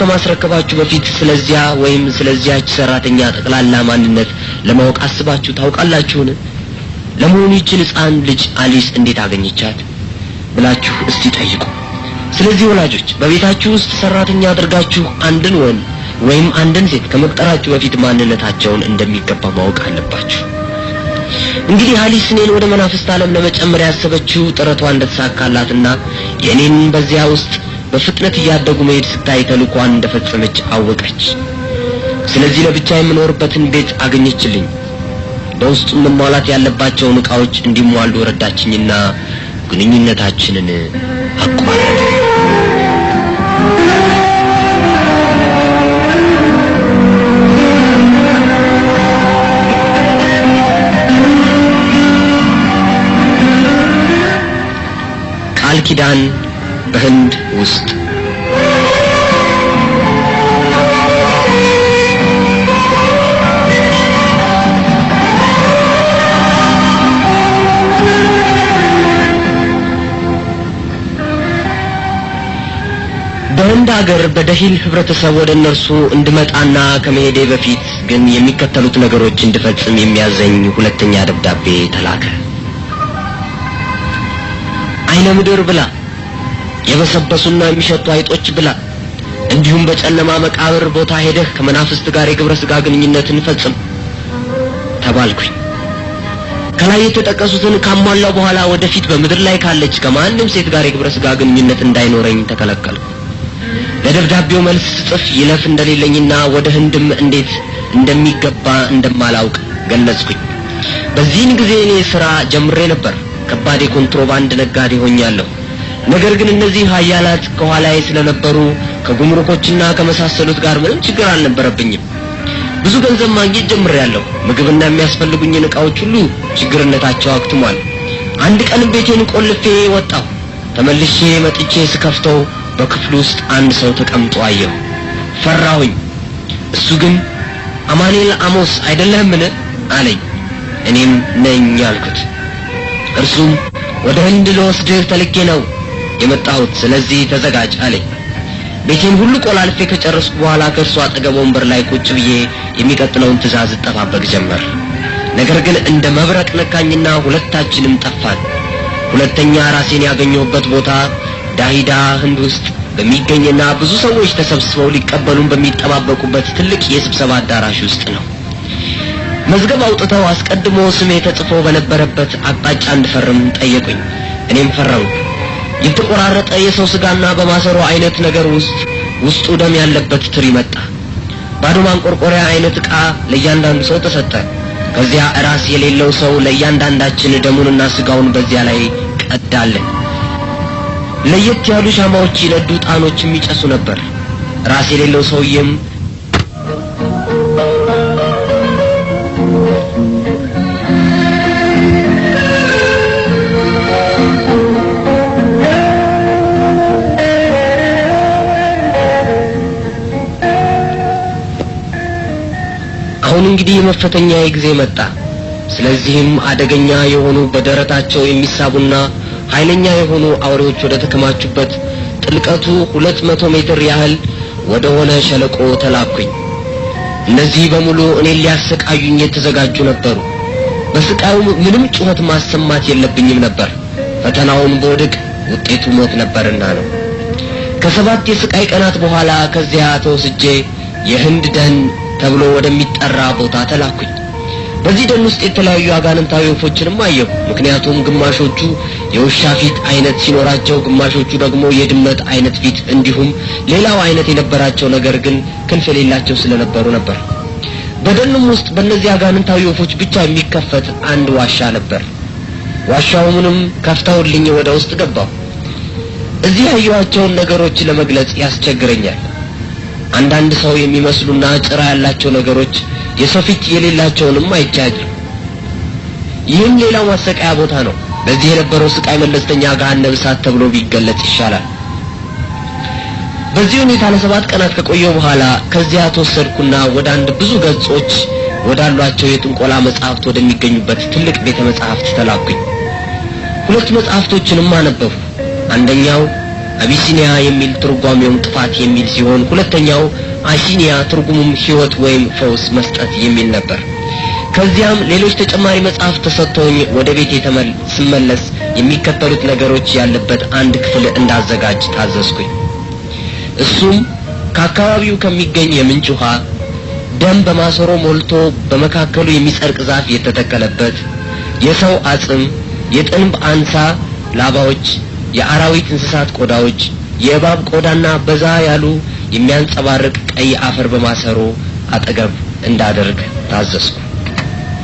ከማስረከባችሁ በፊት ስለዚያ ወይም ስለዚያች ሰራተኛ ጠቅላላ ማንነት ለማወቅ አስባችሁ ታውቃላችሁን? ለመሆኑ ይችን ሕፃን ልጅ አሊስ እንዴት አገኘቻት ብላችሁ እስቲ ጠይቁ። ስለዚህ ወላጆች በቤታችሁ ውስጥ ሰራተኛ አድርጋችሁ አንድን ወንድ ወይም አንድን ሴት ከመቅጠራችሁ በፊት ማንነታቸውን እንደሚገባ ማወቅ አለባችሁ። እንግዲህ አሊስ እኔን ወደ መናፍስት ዓለም ለመጨመር ያሰበችው ጥረቷ እንደተሳካላትና የእኔን በዚያ ውስጥ በፍጥነት እያደጉ መሄድ ስታይ ተልኳን እንደፈጸመች አወቀች። ስለዚህ ለብቻ የምኖርበትን ቤት አገኘችልኝ። በውስጡ መሟላት ያለባቸውን ዕቃዎች እንዲሟሉ ረዳችኝና ግንኙነታችንን አቋረጥ ቃል ኪዳን በህንድ ውስጥ በህንድ ሀገር በደሂል ህብረተሰብ ወደ እነርሱ እንድመጣና ከመሄዴ በፊት ግን የሚከተሉት ነገሮች እንድፈጽም የሚያዘኝ ሁለተኛ ደብዳቤ ተላከ። አይነ ምድር ብላ የበሰበሱና የሚሸጡ አይጦች ብላ። እንዲሁም በጨለማ መቃብር ቦታ ሄደህ ከመናፍስት ጋር የግብረ ስጋ ግንኙነትን ፈጽም ተባልኩኝ። ከላይ የተጠቀሱትን ካሟላው በኋላ ወደፊት በምድር ላይ ካለች ከማንም ሴት ጋር የግብረ ስጋ ግንኙነት እንዳይኖረኝ ተከለከልኩ። ለደብዳቤው መልስ ስጽፍ ይለፍ እንደሌለኝና ወደ ህንድም እንዴት እንደሚገባ እንደማላውቅ ገለጽኩኝ። በዚህን ጊዜ እኔ ስራ ጀምሬ ነበር። ከባድ የኮንትሮባንድ ነጋዴ ሆኛለሁ። ነገር ግን እነዚህ ሀያላት ከኋላዬ ስለነበሩ ከጉምሩኮችና ከመሳሰሉት ጋር ምንም ችግር አልነበረብኝም። ብዙ ገንዘብ ማግኘት ጀምሬያለሁ። ምግብና የሚያስፈልጉኝን እቃዎች ሁሉ ችግርነታቸው አክትሟል። አንድ ቀን ቤቴን ቆልፌ ወጣሁ። ተመልሼ መጥቼ ስከፍተው በክፍሉ ውስጥ አንድ ሰው ተቀምጦ አየሁ። ፈራሁኝ። እሱ ግን አማኑኤል አሞስ አይደለህምን አለኝ። እኔም ነኝ አልኩት። እርሱም ወደ ህንድ ልወስድህ ተልኬ ነው የመጣሁት ስለዚህ ተዘጋጅ አለኝ። ቤቴን ሁሉ ቆላልፌ ከጨረስኩ በኋላ ከእርሱ አጠገብ ወንበር ላይ ቁጭ ብዬ የሚቀጥለውን ትእዛዝ እጠባበቅ ጀመር። ነገር ግን እንደ መብረቅ ነካኝና ሁለታችንም ጠፋን። ሁለተኛ ራሴን ያገኘሁበት ቦታ ዳሂዳ ህንድ ውስጥ በሚገኝና ብዙ ሰዎች ተሰብስበው ሊቀበሉን በሚጠባበቁበት ትልቅ የስብሰባ አዳራሽ ውስጥ ነው። መዝገብ አውጥተው አስቀድሞ ስሜ ተጽፎ በነበረበት አቅጣጫ እንድፈርም ጠየቁኝ። እኔም ፈረምኩ። የተቆራረጠ የሰው ስጋና በማሰሮ አይነት ነገር ውስጥ ውስጡ ደም ያለበት ትሪ መጣ። ባዶ ማንቆርቆሪያ አይነት ዕቃ ለእያንዳንዱ ሰው ተሰጠ። ከዚያ ራስ የሌለው ሰው ለእያንዳንዳችን ደሙንና ስጋውን በዚያ ላይ ቀዳለን። ለየት ያሉ ሻማዎች ይነዱ፣ ጣኖች ይጨሱ ነበር። ራስ የሌለው ሰውዬም አሁን እንግዲህ የመፈተኛ ጊዜ መጣ። ስለዚህም አደገኛ የሆኑ በደረታቸው የሚሳቡና ኃይለኛ የሆኑ አውሬዎች ወደ ተከማቹበት ጥልቀቱ ሁለት መቶ ሜትር ያህል ወደ ሆነ ሸለቆ ተላኩኝ። እነዚህ በሙሉ እኔን ሊያሰቃዩኝ የተዘጋጁ ነበሩ። በስቃዩ ምንም ጩኸት ማሰማት የለብኝም ነበር። ፈተናውን በወድቅ ውጤቱ ሞት ነበርና ነው። ከሰባት የስቃይ ቀናት በኋላ ከዚያ ተወስጄ የህንድ ደን ተብሎ ወደሚጠራ ቦታ ተላኩኝ። በዚህ ደን ውስጥ የተለያዩ አጋንንታዊ ወፎችንም አየሁ። ምክንያቱም ግማሾቹ የውሻ ፊት አይነት ሲኖራቸው፣ ግማሾቹ ደግሞ የድመት አይነት ፊት፣ እንዲሁም ሌላው አይነት የነበራቸው ነገር ግን ክንፍ የሌላቸው ስለነበሩ ነበር። በደኑም ውስጥ በእነዚህ አጋንንታዊ ወፎች ብቻ የሚከፈት አንድ ዋሻ ነበር። ዋሻውንም ከፍተውልኝ ወደ ውስጥ ገባሁ። እዚህ ያየኋቸውን ነገሮች ለመግለጽ ያስቸግረኛል። አንዳንድ ሰው የሚመስሉና ጭራ ያላቸው ነገሮች የሰው ፊት የሌላቸውንም አይቻጅ። ይህም ሌላ ማሰቃያ ቦታ ነው። በዚህ የነበረው ስቃይ መለስተኛ ገሃነመ እሳት ተብሎ ቢገለጽ ይሻላል። በዚህ ሁኔታ ለሰባት ቀናት ከቆየው በኋላ ከዚያ ተወሰድኩና ወደ አንድ ብዙ ገጾች ወዳሏቸው የጥንቆላ መጽሐፍት ወደሚገኙበት ትልቅ ቤተ መጽሐፍት ተላኩኝ። ሁለት መጽሐፍቶችንም አነበቡ አንደኛው አቢሲኒያ የሚል ትርጓሜውም ጥፋት የሚል ሲሆን ሁለተኛው አሲኒያ ትርጉሙም ሕይወት ወይም ፈውስ መስጠት የሚል ነበር። ከዚያም ሌሎች ተጨማሪ መጽሐፍ ተሰጥቶኝ ወደ ቤት ስመለስ የሚከተሉት ነገሮች ያለበት አንድ ክፍል እንዳዘጋጅ ታዘዝኩኝ። እሱም ከአካባቢው ከሚገኝ የምንጭ ውሃ ደም በማሰሮ ሞልቶ በመካከሉ የሚጸድቅ ዛፍ የተተከለበት፣ የሰው አጽም፣ የጥንብ አንሳ ላባዎች የአራዊት እንስሳት ቆዳዎች፣ የእባብ ቆዳና በዛ ያሉ የሚያንጸባርቅ ቀይ አፈር በማሰሮ አጠገብ እንዳደርግ ታዘዝኩ።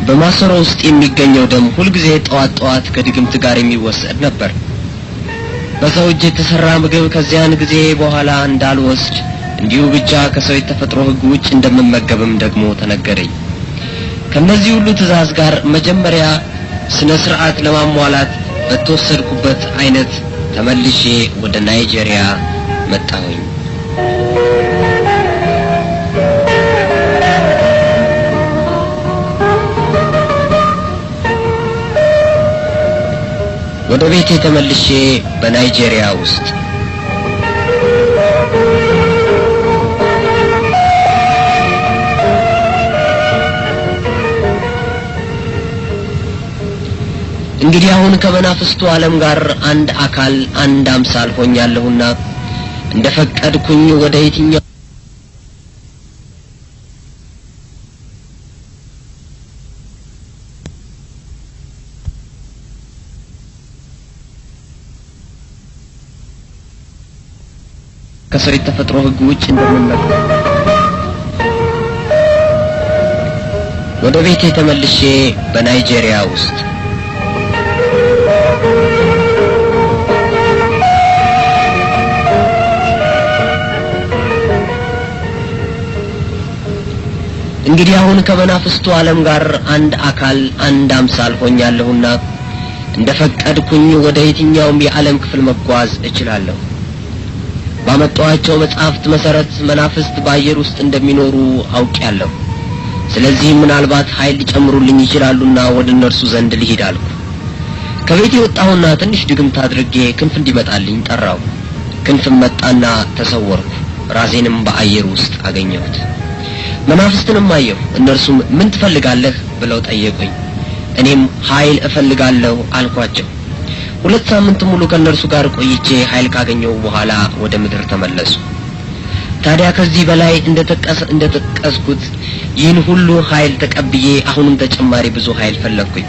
በማሰሮ ውስጥ የሚገኘው ደም ሁልጊዜ ጠዋት ጠዋት ከድግምት ጋር የሚወሰድ ነበር። በሰው እጅ የተሰራ ምግብ ከዚያን ጊዜ በኋላ እንዳልወስድ እንዲሁ ብቻ ከሰው የተፈጥሮ ሕግ ውጭ እንደምመገብም ደግሞ ተነገረኝ። ከነዚህ ሁሉ ትዕዛዝ ጋር መጀመሪያ ስነ ስርዓት ለማሟላት በተወሰድኩበት አይነት ተመልሼ ወደ ናይጄሪያ መጣሁኝ። ወደ ቤቴ ተመልሼ በናይጄሪያ ውስጥ እንግዲህ አሁን ከመናፍስቱ ዓለም ጋር አንድ አካል አንድ አምሳል ሆኛለሁና እንደ ፈቀድኩኝ ወደ የትኛው ከሰው የተፈጥሮ ህግ ውጭ እንደምመለስ ወደ ቤቴ ተመልሼ በናይጄሪያ ውስጥ እንግዲህ አሁን ከመናፍስቱ ዓለም ጋር አንድ አካል አንድ አምሳል ሆኛለሁና እንደፈቀድኩኝ ወደ የትኛውም የዓለም ክፍል መጓዝ እችላለሁ። ባመጣኋቸው መጻሕፍት መሠረት መናፍስት በአየር ውስጥ እንደሚኖሩ አውቄያለሁ። ስለዚህም ምናልባት ኃይል ሊጨምሩልኝ ይችላሉና ወደ እነርሱ ዘንድ ልሂድ አልኩ። ከቤት የወጣሁና ትንሽ ድግምት አድርጌ ክንፍ እንዲመጣልኝ ጠራው። ክንፍም መጣና ተሰወርኩ። ራሴንም በአየር ውስጥ አገኘሁት። መናፍስትንም አየሁ። እነርሱም ምን ትፈልጋለህ ብለው ጠየቁኝ። እኔም ኃይል እፈልጋለሁ አልኳቸው። ሁለት ሳምንት ሙሉ ከእነርሱ ጋር ቆይቼ ኃይል ካገኘው በኋላ ወደ ምድር ተመለሱ። ታዲያ ከዚህ በላይ እንደ ጠቀስኩት ይህን ሁሉ ኃይል ተቀብዬ አሁንም ተጨማሪ ብዙ ኃይል ፈለግኩኝ።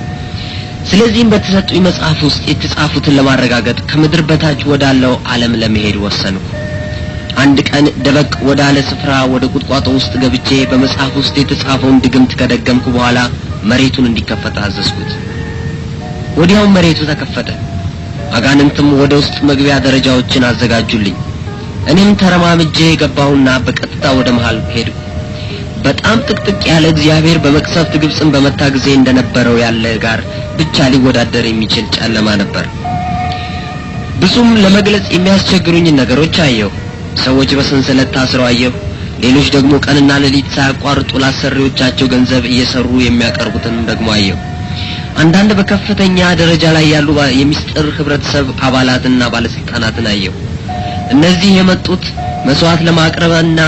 ስለዚህም በተሰጡኝ መጽሐፍ ውስጥ የተጻፉትን ለማረጋገጥ ከምድር በታች ወዳለው ዓለም ለመሄድ ወሰንኩ። አንድ ቀን ደበቅ ወዳለ ስፍራ ወደ ቁጥቋጦ ውስጥ ገብቼ በመጽሐፍ ውስጥ የተጻፈውን ድግምት ከደገምኩ በኋላ መሬቱን እንዲከፈት አዘዝኩት። ወዲያውም መሬቱ ተከፈተ። አጋንንትም ወደ ውስጥ መግቢያ ደረጃዎችን አዘጋጁልኝ። እኔም ተረማምጄ የገባሁና በቀጥታ ወደ መሃል ሄድኩ። በጣም ጥቅጥቅ ያለ እግዚአብሔር በመቅሰፍት ግብፅን በመታ ጊዜ እንደነበረው ያለ ጋር ብቻ ሊወዳደር የሚችል ጨለማ ነበር። ብዙም ለመግለጽ የሚያስቸግሩኝን ነገሮች አየሁ። ሰዎች በሰንሰለት ታስረው አየሁ። ሌሎች ደግሞ ቀንና ሌሊት ሳያቋርጡ ላሰሪዎቻቸው ገንዘብ እየሰሩ የሚያቀርቡትን ደግሞ አየሁ። አንዳንድ በከፍተኛ ደረጃ ላይ ያሉ የሚስጥር ህብረተሰብ አባላትና ባለስልጣናትን አየሁ። እነዚህ የመጡት መስዋዕት ለማቅረብና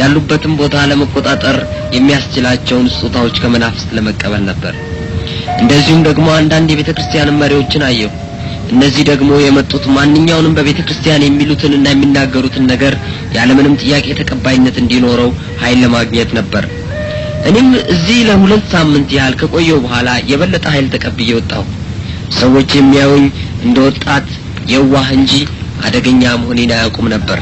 ያሉበትን ቦታ ለመቆጣጠር የሚያስችላቸውን ስጦታዎች ከመናፍስት ለመቀበል ነበር። እንደዚሁም ደግሞ አንዳንድ የቤተ ክርስቲያን መሪዎችን አየሁ። እነዚህ ደግሞ የመጡት ማንኛውንም በቤተ ክርስቲያን የሚሉትንና የሚናገሩትን ነገር ያለምንም ጥያቄ ተቀባይነት እንዲኖረው ኃይል ለማግኘት ነበር። እኔም እዚህ ለሁለት ሳምንት ያህል ከቆየው በኋላ የበለጠ ኃይል ተቀብዬ ወጣሁ። ሰዎች የሚያዩኝ እንደ ወጣት የዋህ እንጂ አደገኛ መሆኔን አያውቁም ነበር።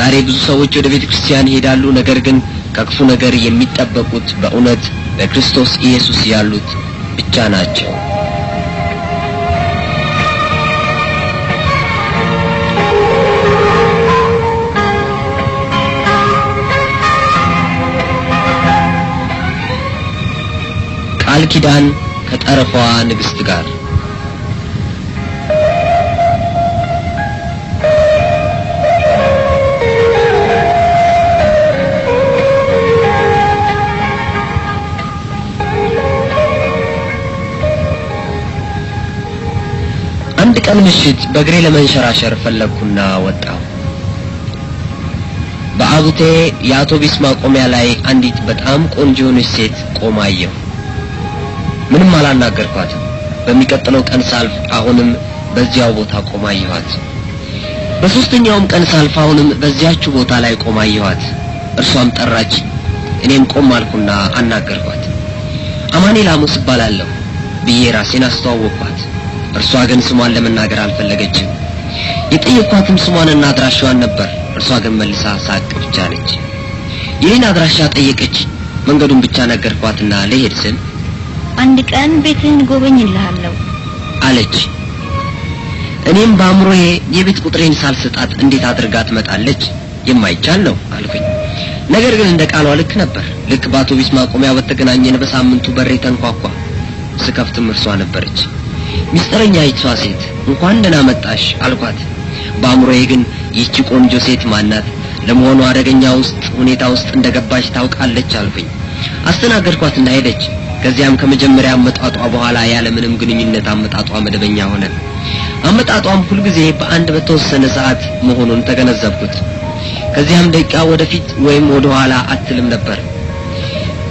ዛሬ ብዙ ሰዎች ወደ ቤተ ክርስቲያን ይሄዳሉ። ነገር ግን ከክፉ ነገር የሚጠበቁት በእውነት በክርስቶስ ኢየሱስ ያሉት ብቻ ናቸው። ቃል ኪዳን ከጠረፏዋ ንግስት ጋር አንድ ቀን ምሽት በእግሬ ለመንሸራሸር ፈለግኩና ወጣሁ። በአቡቴ የአውቶቢስ ማቆሚያ ላይ አንዲት በጣም ቆንጆ የሆነች ሴት ምንም አላናገርኳትም። በሚቀጥለው ቀን ሳልፍ አሁንም በዚያው ቦታ ቆማ አየኋት። በሶስተኛውም ቀን ሳልፍ አሁንም በዚያችው ቦታ ላይ ቆማ አየኋት። እርሷም ጠራች። እኔም ቆም አልኩና አናገርኳት። አማኔል ሐሙስ እባላለሁ ብዬ ራሴን አስተዋወቅኳት። እርሷ ግን ስሟን ለመናገር አልፈለገችም። የጠየቅኳትም ስሟንና አድራሻዋን ነበር። እርሷ ግን መልሳ ሳቅ ብቻ አለች። የኔን አድራሻ ጠየቀች። መንገዱን ብቻ ነገርኳትና ልሄድ ስል አንድ ቀን ቤትህን ጎበኝልሃለሁ አለች። እኔም በአእምሮዬ የቤት ቁጥሬን ሳልሰጣት እንዴት አድርጋ ትመጣለች? የማይቻል ነው አልኩኝ። ነገር ግን እንደ ቃሏ ልክ ነበር። ልክ በአውቶቡስ ማቆሚያ በተገናኘን በሳምንቱ በሬ ተንኳኳ። ስከፍትም እርሷ ነበረች። ሚስጥረኛ ይቷ ሴት እንኳን ደህና መጣሽ አልኳት። በአእምሮዬ ግን ይቺ ቆንጆ ሴት ማናት? ለመሆኑ አደገኛ ውስጥ ሁኔታ ውስጥ እንደገባች ታውቃለች አልኩኝ። አስተናገድኳትና ሄደች። ከዚያም ከመጀመሪያ አመጣጧ በኋላ ያለምንም ግንኙነት አመጣጧ መደበኛ ሆነ። አመጣጧም ሁልጊዜ በአንድ በተወሰነ ሰዓት መሆኑን ተገነዘብኩት። ከዚያም ደቂቃ ወደፊት ወይም ወደ ኋላ አትልም ነበር።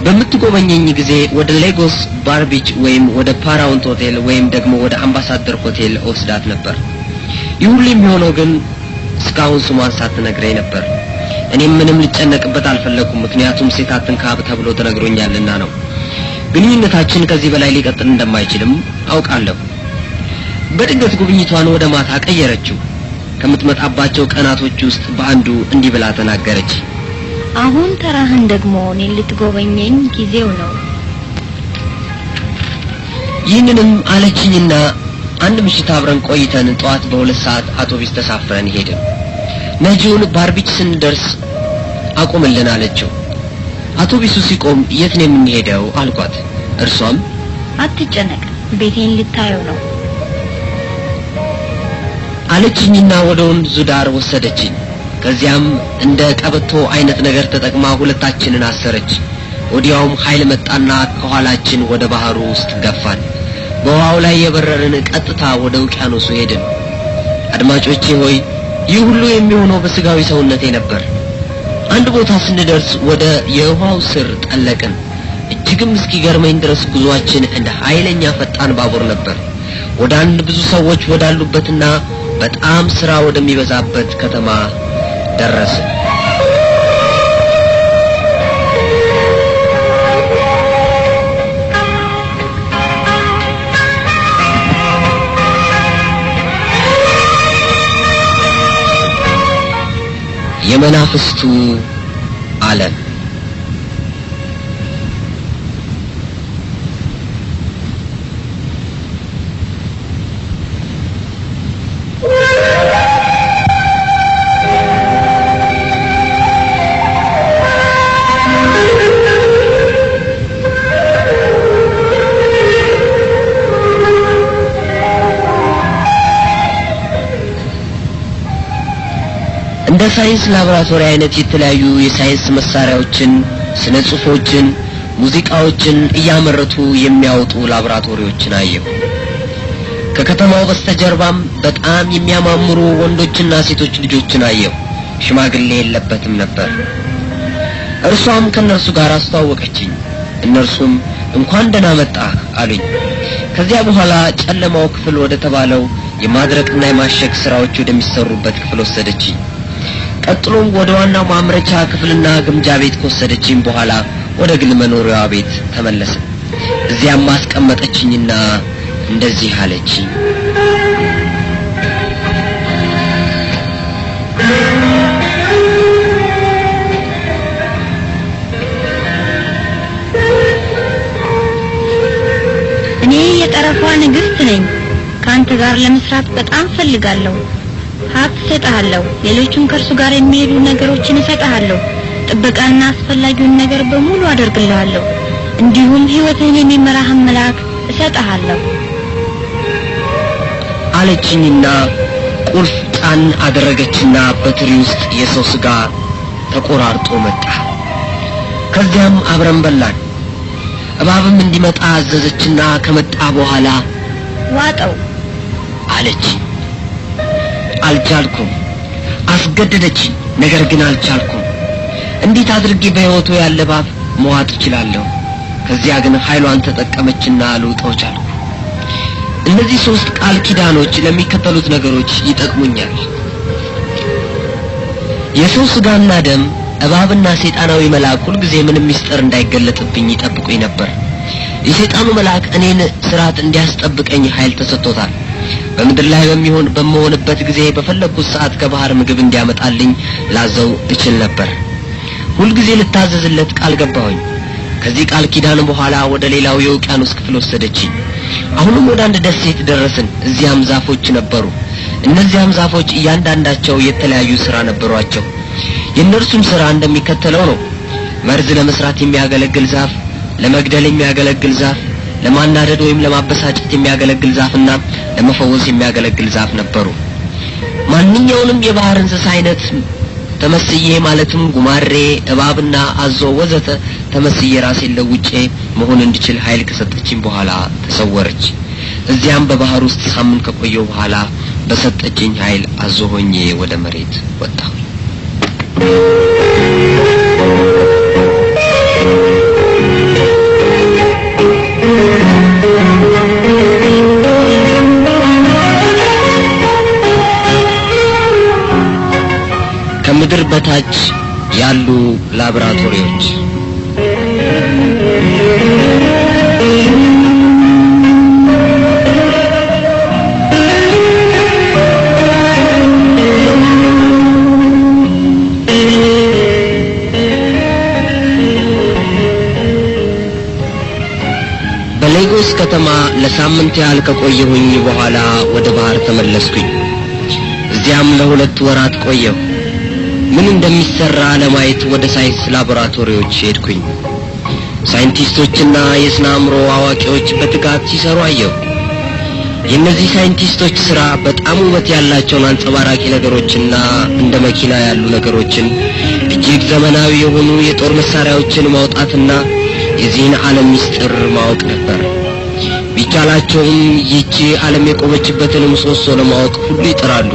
በምትጎበኘኝ ጊዜ ወደ ሌጎስ ባርቢች ወይም ወደ ፓራውንት ሆቴል ወይም ደግሞ ወደ አምባሳደር ሆቴል ወስዳት ነበር። ይህ ሁሉ የሚሆነው ግን እስካሁን ስሟን ሳትነግረኝ ነበር። እኔም ምንም ልጨነቅበት አልፈለኩም፣ ምክንያቱም ሴት አትንካብ ተብሎ ተነግሮኛልና ነው። ግንኙነታችን ከዚህ በላይ ሊቀጥል እንደማይችልም አውቃለሁ። በድንገት ጉብኝቷን ወደ ማታ ቀየረችው። ከምትመጣባቸው ቀናቶች ውስጥ በአንዱ እንዲህ ብላ ተናገረች። አሁን ተራህን ደግሞ እኔን ልትጎበኘኝ ጊዜው ነው። ይህንንም አለችኝና አንድ ምሽት አብረን ቆይተን ጠዋት በሁለት ሰዓት አውቶቢስ ተሳፍረን ሄድን። ነጂውን ባርቢች ስንደርስ አቁምልን አለችው። አውቶቢሱ ሲቆም የት ነው የምንሄደው አልኳት። እርሷም አትጨነቅ ቤቴን ልታየው ነው አለችኝና ወደ ወንዙ ዳር ወሰደችኝ። ከዚያም እንደ ቀበቶ አይነት ነገር ተጠቅማ ሁለታችንን አሰረች። ወዲያውም ኃይል መጣና ከኋላችን ወደ ባህሩ ውስጥ ገፋን። በውሃው ላይ የበረርን ቀጥታ ወደ ውቅያኖሱ ሄድን። አድማጮቼ ሆይ ይህ ሁሉ የሚሆነው በስጋዊ ሰውነቴ ነበር። አንድ ቦታ ስንደርስ ወደ የውሃው ስር ጠለቅን። እጅግም እስኪገርመኝ ድረስ ጉዟችን እንደ ኃይለኛ ፈጣን ባቡር ነበር። ወደ አንድ ብዙ ሰዎች ወዳሉበትና በጣም ስራ ወደሚበዛበት ከተማ ደረስን። የመናፍስቱ ዓለም የሳይንስ ላብራቶሪ አይነት የተለያዩ የሳይንስ መሳሪያዎችን፣ ስነ ጽሁፎችን፣ ሙዚቃዎችን እያመረቱ የሚያወጡ ላብራቶሪዎችን አየሁ። ከከተማው በስተጀርባም በጣም የሚያማምሩ ወንዶችና ሴቶች ልጆችን አየሁ። ሽማግሌ የለበትም ነበር። እርሷም ከነርሱ ጋር አስተዋወቀችኝ። እነርሱም እንኳን ደህና መጣ አሉኝ። ከዚያ በኋላ ጨለማው ክፍል ወደ ተባለው የማድረቅና የማሸግ ስራዎች ወደሚሰሩበት ክፍል ወሰደችኝ። ቀጥሎም ወደ ዋናው ማምረቻ ክፍልና ግምጃ ቤት ከወሰደችኝ በኋላ ወደ ግል መኖሪያዋ ቤት ተመለሰ እዚያም ማስቀመጠችኝና እንደዚህ አለች እኔ የጠረፏ ንግሥት ነኝ። ከአንተ ጋር ለመስራት በጣም ፈልጋለሁ። ሀብት እሰጥሃለሁ፣ ሌሎችም ከእርሱ ጋር የሚሄዱ ነገሮችን እሰጥሃለሁ፣ ጥበቃና አስፈላጊውን ነገር በሙሉ አደርግልሃለሁ፣ እንዲሁም ሕይወትን የሚመራህን መልአክ እሰጥሃለሁ አለችኝና ቁርስ ጣን አደረገችና በትሪ ውስጥ የሰው ሥጋ ተቆራርጦ መጣ። ከዚያም አብረን በላን። እባብም እንዲመጣ አዘዘችና ከመጣ በኋላ ዋጠው አለችኝ አልቻልኩም። አስገደደችኝ፣ ነገር ግን አልቻልኩም። እንዴት አድርጌ በሕይወቱ ያለ ባብ መዋጥ እችላለሁ? ከዚያ ግን ኃይሏን ተጠቀመችና ልውጠው ቻልኩ። እነዚህ ሶስት ቃል ኪዳኖች ለሚከተሉት ነገሮች ይጠቅሙኛል። የሰው ሥጋና ደም እባብና ሰይጣናዊ መልአክ ሁልጊዜ ምንም ምስጢር እንዳይገለጥብኝ ይጠብቁኝ ነበር። የሰይጣኑ መልአክ እኔን ስርዓት እንዲያስጠብቀኝ ኃይል ተሰጥቶታል። በምድር ላይ በሚሆን በምሆንበት ጊዜ በፈለግኩት ሰዓት ከባህር ምግብ እንዲያመጣልኝ ላዘው እችል ነበር። ሁልጊዜ ልታዘዝለት ቃል ገባሁኝ። ከዚህ ቃል ኪዳን በኋላ ወደ ሌላው የውቅያኖስ ክፍል ወሰደችኝ። አሁንም ወደ አንድ ደሴት ደረስን። እዚያም ዛፎች ነበሩ። እነዚያም ዛፎች እያንዳንዳቸው የተለያዩ ስራ ነበሯቸው። የእነርሱም ስራ እንደሚከተለው ነው። መርዝ ለመስራት የሚያገለግል ዛፍ፣ ለመግደል የሚያገለግል ዛፍ፣ ለማናደድ ወይም ለማበሳጨት የሚያገለግል ዛፍና ለመፈወስ የሚያገለግል ዛፍ ነበሩ። ማንኛውንም የባህር እንስሳ አይነት ተመስዬ ማለትም ጉማሬ፣ እባብና አዞ ወዘተ ተመስዬ ራሴን ለውጬ መሆን እንድችል ኃይል ከሰጠችኝ በኋላ ተሰወረች። እዚያም በባህር ውስጥ ሳምንት ከቆየው በኋላ በሰጠችኝ ኃይል አዞ ሆኜ ወደ መሬት ወጣሁ። ከምድር በታች ያሉ ላብራቶሪዎች። በሌጎስ ከተማ ለሳምንት ያህል ከቆየሁኝ በኋላ ወደ ባህር ተመለስኩኝ። እዚያም ለሁለት ወራት ቆየሁ። ምን እንደሚሰራ ለማየት ወደ ሳይንስ ላቦራቶሪዎች ሄድኩኝ። ሳይንቲስቶችና የስነ አእምሮ አዋቂዎች በትጋት ሲሰሩ አየሁ። የእነዚህ ሳይንቲስቶች ስራ በጣም ውበት ያላቸውን አንጸባራቂ ነገሮችና እንደ መኪና ያሉ ነገሮችን እጅግ ዘመናዊ የሆኑ የጦር መሳሪያዎችን ማውጣትና የዚህን ዓለም ምስጢር ማወቅ ነበር። ቢቻላቸውም ይቺ ዓለም የቆመችበትን ምሰሶ ለማወቅ ሁሉ ይጥራሉ።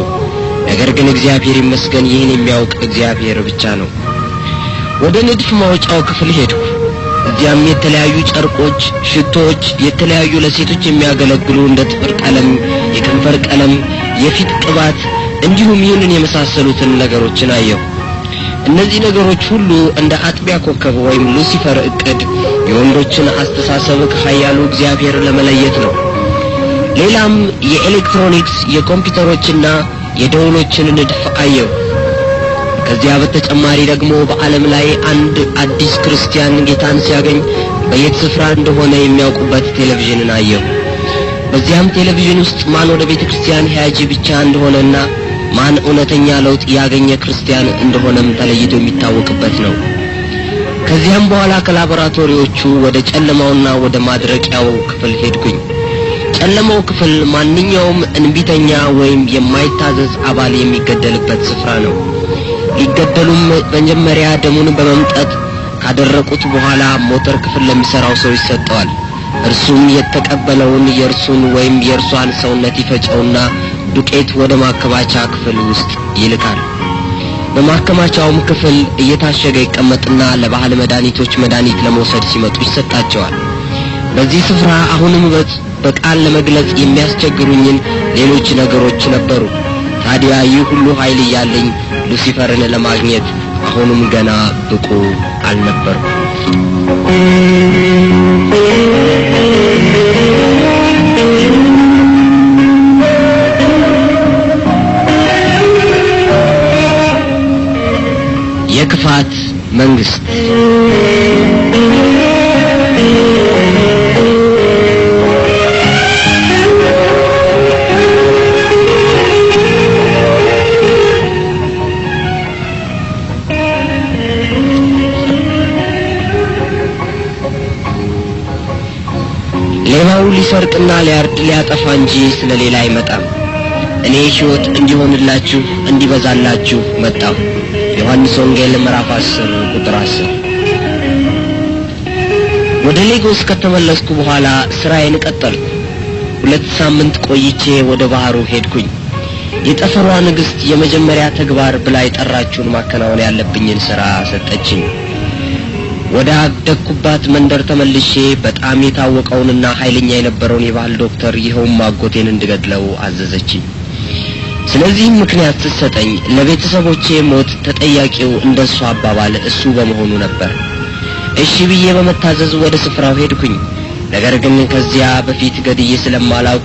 ነገር ግን እግዚአብሔር ይመስገን ይህን የሚያውቅ እግዚአብሔር ብቻ ነው። ወደ ንድፍ ማውጫው ክፍል ሄድኩ። እዚያም የተለያዩ ጨርቆች፣ ሽቶዎች፣ የተለያዩ ለሴቶች የሚያገለግሉ እንደ ጥፍር ቀለም፣ የከንፈር ቀለም፣ የፊት ቅባት እንዲሁም ይህንን የመሳሰሉትን ነገሮችን አየሁ። እነዚህ ነገሮች ሁሉ እንደ አጥቢያ ኮከብ ወይም ሉሲፈር እቅድ የወንዶችን አስተሳሰብ ከኃያሉ እግዚአብሔር ለመለየት ነው። ሌላም የኤሌክትሮኒክስ የኮምፒውተሮችና የደወሎችን ንድፍ አየው ከዚያ በተጨማሪ ደግሞ በዓለም ላይ አንድ አዲስ ክርስቲያን ጌታን ሲያገኝ በየት ስፍራ እንደሆነ የሚያውቁበት ቴሌቪዥንን አየው። በዚያም ቴሌቪዥን ውስጥ ማን ወደ ቤተ ክርስቲያን ሂያጂ ብቻ እንደሆነና ማን እውነተኛ ለውጥ ያገኘ ክርስቲያን እንደሆነም ተለይቶ የሚታወቅበት ነው። ከዚያም በኋላ ከላቦራቶሪዎቹ ወደ ጨለማውና ወደ ማድረቂያው ክፍል ሄድኩኝ። ጨለማው ክፍል ማንኛውም እንቢተኛ ወይም የማይታዘዝ አባል የሚገደልበት ስፍራ ነው። ሊገደሉም መጀመሪያ ደሙን በመምጠጥ ካደረቁት በኋላ ሞተር ክፍል ለሚሰራው ሰው ይሰጠዋል። እርሱም የተቀበለውን የእርሱን ወይም የእርሷን ሰውነት ይፈጨውና ዱቄት ወደ ማከማቻ ክፍል ውስጥ ይልካል። በማከማቻውም ክፍል እየታሸገ ይቀመጥና ለባህል መድኃኒቶች መድኃኒት ለመውሰድ ሲመጡ ይሰጣቸዋል። በዚህ ስፍራ አሁንም በቃል ለመግለጽ የሚያስቸግሩኝን ሌሎች ነገሮች ነበሩ። ታዲያ ይህ ሁሉ ኃይል እያለኝ ሉሲፈርን ለማግኘት አሁንም ገና ብቁ አልነበርኩ። የክፋት መንግስት ሊያርድ ሊያጠፋ እንጂ ስለ ሌላ አይመጣም። እኔ ሕይወት እንዲሆንላችሁ እንዲበዛላችሁ መጣሁ። ዮሐንስ ወንጌል ምዕራፍ 10 ቁጥር 10። ወደ ሌጎስ ከተመለስኩ በኋላ ስራዬን ቀጠልኩ። ሁለት ሳምንት ቆይቼ ወደ ባህሩ ሄድኩኝ። የጠፈሯ ንግሥት የመጀመሪያ ተግባር ብላ ጠራችሁን ማከናወን ያለብኝን ስራ ሰጠችኝ። ወደ አደግኩባት መንደር ተመልሼ በጣም የታወቀውንና ኃይለኛ የነበረውን የባህል ዶክተር ይኸውም አጎቴን እንድገድለው አዘዘችኝ። ስለዚህም ምክንያት ስትሰጠኝ ለቤተሰቦቼ ሞት ተጠያቂው እንደ እሱ አባባል እሱ በመሆኑ ነበር። እሺ ብዬ በመታዘዝ ወደ ስፍራው ሄድኩኝ። ነገር ግን ከዚያ በፊት ገድዬ ስለማላውቅ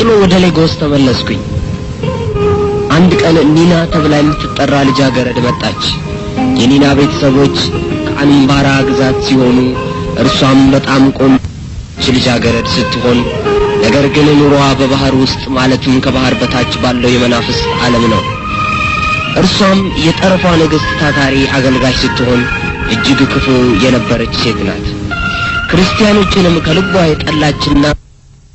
ቀጥሎ ወደ ሌጎስ ተመለስኩኝ። አንድ ቀን ኒና ተብላ የምትጠራ ልጃገረድ መጣች። የኒና ቤተሰቦች ከአንባራ ግዛት ሲሆኑ እርሷም በጣም ቆንጆ ልጃገረድ ስትሆን ነገር ግን ኑሮዋ በባህር ውስጥ ማለትም ከባህር በታች ባለው የመናፍስት ዓለም ነው። እርሷም የጠረፏ ንግሥት ታታሪ አገልጋይ ስትሆን እጅግ ክፉ የነበረች ሴት ናት። ክርስቲያኖችንም ከልቧ የጠላችና